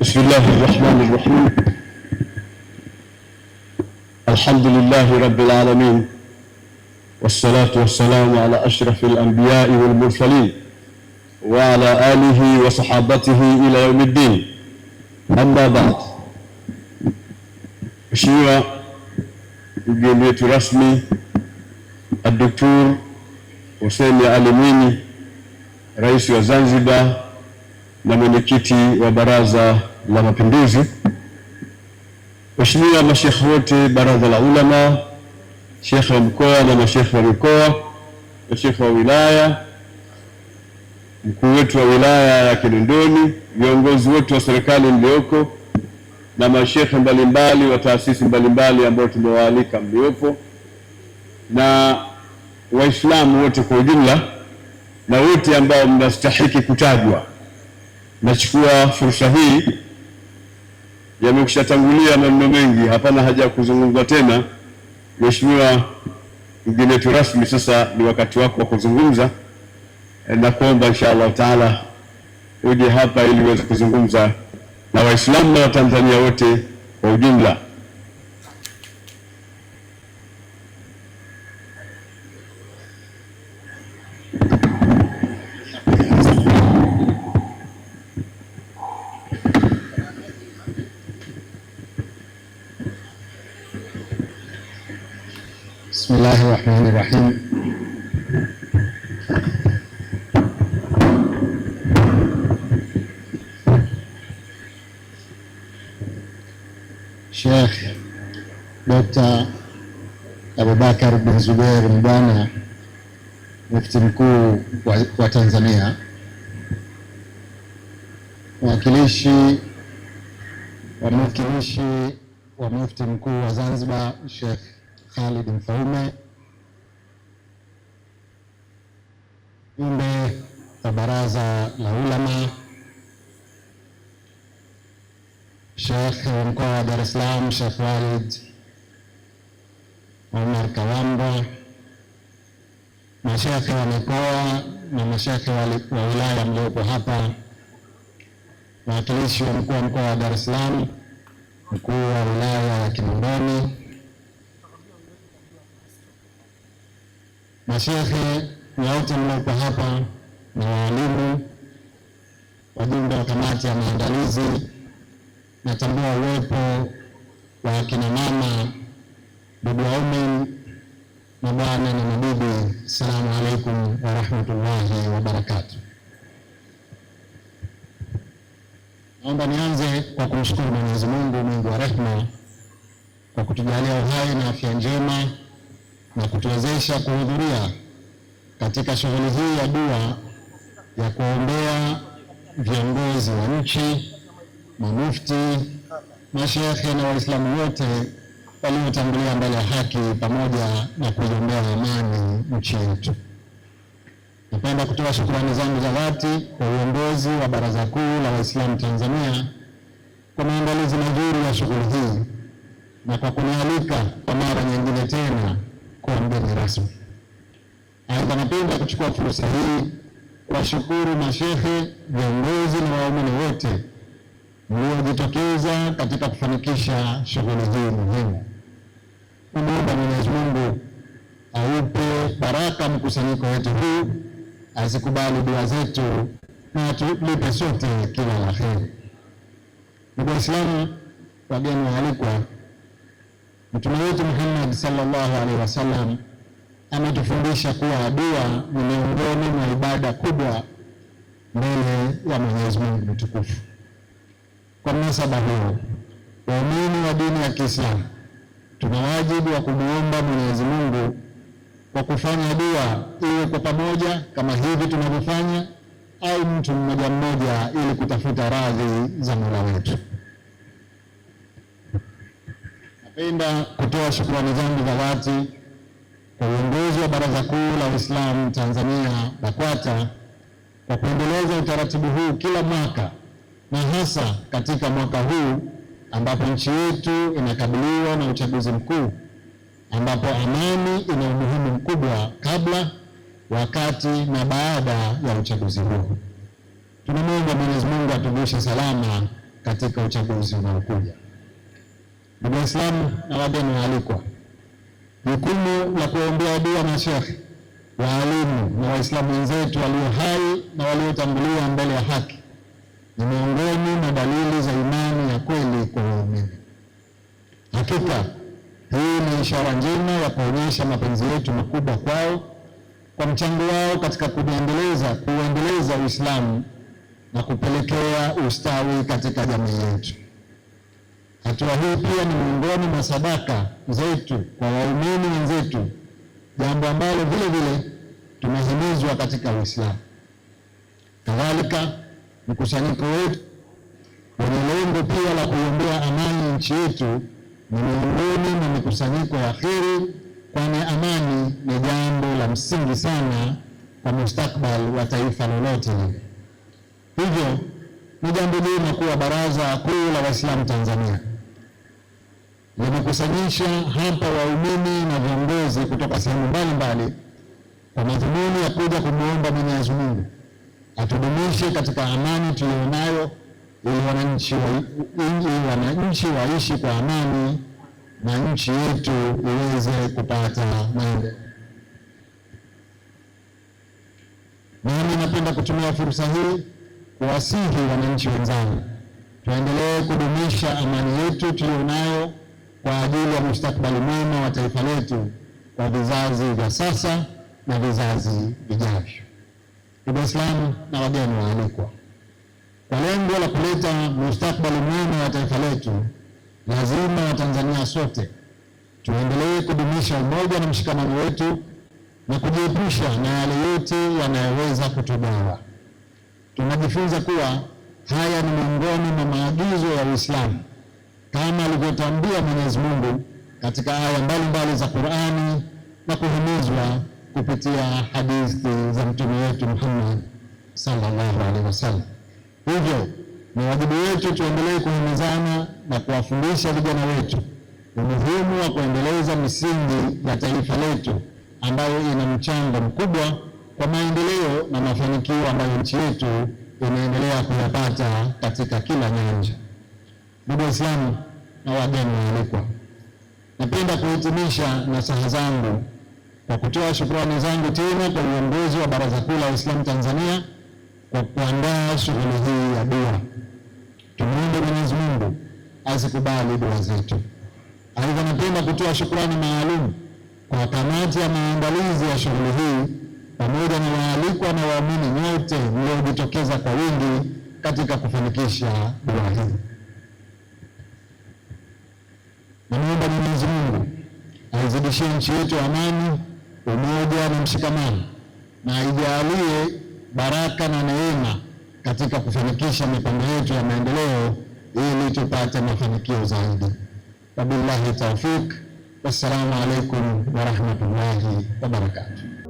بسم الله الرحمن الرحيم الحمد لله رب العالمين والصلاة والسلام على أشرف الأنبياء والمرسلين وعلى آله وصحابته إلى يوم الدين أما بعد مشيوة mgeni الرسمي الدكتور حسين Hussein رئيس Mwinyi, na mwenyekiti wa Baraza la Mapinduzi, waheshimiwa mashekhe wote, baraza la ulama, shekhe wa mkoa na mashekhe wa mikoa, mashekhe wa wilaya, mkuu wetu wa wilaya ya Kinondoni, viongozi wote wa serikali mlioko na mashekhe mbalimbali wa taasisi mbalimbali ambao tumewaalika mliopo na Waislamu wote kwa ujumla na wote ambao mnastahiki kutajwa. Nachukua fursa hii, yamekushatangulia maneno mengi, hapana haja ya kuzungumza tena. Mheshimiwa mgeni wetu rasmi, sasa ni wakati wako wa kuzungumza eh, na kuomba insha allahu taala uje hapa ili uweze kuzungumza na Waislamu na Watanzania wote kwa ujumla. Bismillahi rahmani rahim. Sheikh Dr. Abubakar bin Zubeir Mbwana, mufti mkuu wa, wa Tanzania, mwakilishi wa mwakilishi wa mufti mkuu wa Zanzibar Sheikh Khalid Mfaume, jumbe wa baraza la ulama, Sheikh wa mkoa wa Dar es Salaam Sheikh Walid Omar kawambo mashekhe wa mikoa na mashekhe wa wilaya mliopo hapa, wawakilishi wa mkuu wa mkoa wa Dar es Salaam, mkuu wa wilaya ya Kinondoni mashehe na wote mlioko hapa na waalimu, wajumbe wa kamati ya maandalizi, natambua uwepo wa akina mama, ndugu waume, mabwana na mabibi. Salamu alaikum warahmatullahi wabarakatu Naomba nianze kwa kumshukuru Mwenyezi Mungu, Mungu wa rehma kwa kutujalia uhai na afya njema na kutuwezesha kuhudhuria katika shughuli hii ya dua ya kuombea viongozi wa nchi, manufti, mashehe na Waislamu wote waliotangulia mbele ya haki pamoja na kuiombea amani nchi yetu. Napenda kutoa shukrani zangu za dhati kwa uongozi wa Baraza Kuu la Waislamu Tanzania kwa maandalizi mazuri ya shughuli hii na kwa kunialika kwa mara nyingine tena kuwa mgeni rasmi. Aidha, napenda kuchukua fursa hii kuwashukuru mashehe, viongozi na waumini wote mliojitokeza katika kufanikisha shughuli hii muhimu. Namuomba Mwenyezi Mungu aupe baraka mkusanyiko wetu huu, azikubali dua zetu na atulipe sote kila la heri. Ndugu Waislamu, wageni waalikwa Mtume wetu Muhammad sallallahu alaihi wasallam ametufundisha kuwa dua ni miongoni mwa ibada kubwa mbele ya Mwenyezi Mungu mtukufu. Kwa mnasaba huo, waumini wa dini ya Kiislamu tuna wajibu wa kumwomba Mwenyezi Mungu kwa kufanya dua, iwe kwa pamoja kama hivi tunavyofanya, au mtu mmoja mmoja, ili kutafuta radhi za Mola wetu. Napenda kutoa shukrani zangu za dhati kwa uongozi wa Baraza Kuu la Uislamu Tanzania BAKWATA kwa kuendeleza utaratibu huu kila mwaka na hasa katika mwaka huu ambapo nchi yetu inakabiliwa na uchaguzi mkuu ambapo amani ina umuhimu mkubwa kabla, wakati na baada ya uchaguzi huu. Tunamwomba Mwenyezi Mungu atugushe salama katika uchaguzi unaokuja. Ndugu Waislamu na wageni waalikwa, jukumu la kuombea dua mashekhe, waalimu na waislamu wenzetu walio hai na waliotanguliwa mbele ya haki ni miongoni mwa dalili za imani ya kweli kwa waumini. Hakika hii ni ishara njema ya kuonyesha mapenzi yetu makubwa kwao kwa mchango wao katika kuendeleza kuendeleza Uislamu na kupelekea ustawi katika jamii yetu. Hatua hii pia ni miongoni mwa sadaka zetu kwa waumini wenzetu, jambo ambalo vile vile tumehimizwa katika Uislamu. Kadhalika, mkusanyiko wetu wenye lengo pia la kuombea amani nchi yetu ni miongoni mwa mikusanyiko ya kheri, kwani amani ni jambo la msingi sana kwa mustakbal wa taifa lolote lile. Hivyo ni jambo jema kuwa Baraza Kuu la Waislamu Tanzania kuwakusanyisha hapa waumini na viongozi kutoka sehemu mbalimbali kwa madhumuni ya kuja kumwomba Mwenyezi Mungu atudumishe katika amani tuliyonayo, ili wananchi wa, waishi kwa amani na nchi yetu iweze kupata maendeleo. Nami napenda kutumia fursa hii kuwasihi wananchi wenzangu tuendelee kudumisha amani yetu tuliyonayo kwa ajili ya mustakbali mwema wa taifa letu kwa vizazi vya sasa na vizazi vijavyo. Ndugu Waislamu na wageni waalikwa, kwa lengo la kuleta mustakbali mwema wa taifa letu, lazima Watanzania sote tuendelee kudumisha umoja na mshikamano wetu na kujiepusha na yale yote yanayoweza kutugawa. Tunajifunza kuwa haya ni miongoni mwa maagizo ya Uislamu kama alivyotambua Mwenyezi Mungu katika aya mbalimbali za Qur'ani na kuhimizwa kupitia hadithi za mtume wetu Muhammad sallallahu alaihi wasallam. Hivyo ni wajibu wetu tuendelee kuhimizana na kuwafundisha vijana wetu umuhimu wa kuendeleza misingi ya taifa letu ambayo ina mchango mkubwa kwa maendeleo na mafanikio ambayo nchi yetu inaendelea kuyapata katika kila nyanja ndugu Waislamu na wageni waalikwa, napenda kuhitimisha nasaha zangu kwa kutoa shukrani zangu tena kwa uongozi wa Baraza Kuu la Waislamu Tanzania kwa kuandaa shughuli hii ya dua. Tumuombe Mwenyezi Mungu azikubali dua zetu. Aidha, napenda kutoa shukrani maalum kwa kamati ya maandalizi ya shughuli hii pamoja na waalikwa na waamini nyote mliojitokeza kwa wingi katika kufanikisha dua hii. Namwomba Mwenyezi Mungu aizidishie nchi yetu amani, umoja na mshikamano, na aijalie baraka na neema katika kufanikisha mipango yetu ya maendeleo ili tupate mafanikio zaidi. Wabillahi taufik, wassalamu alaikum warahmatullahi wabarakatuh.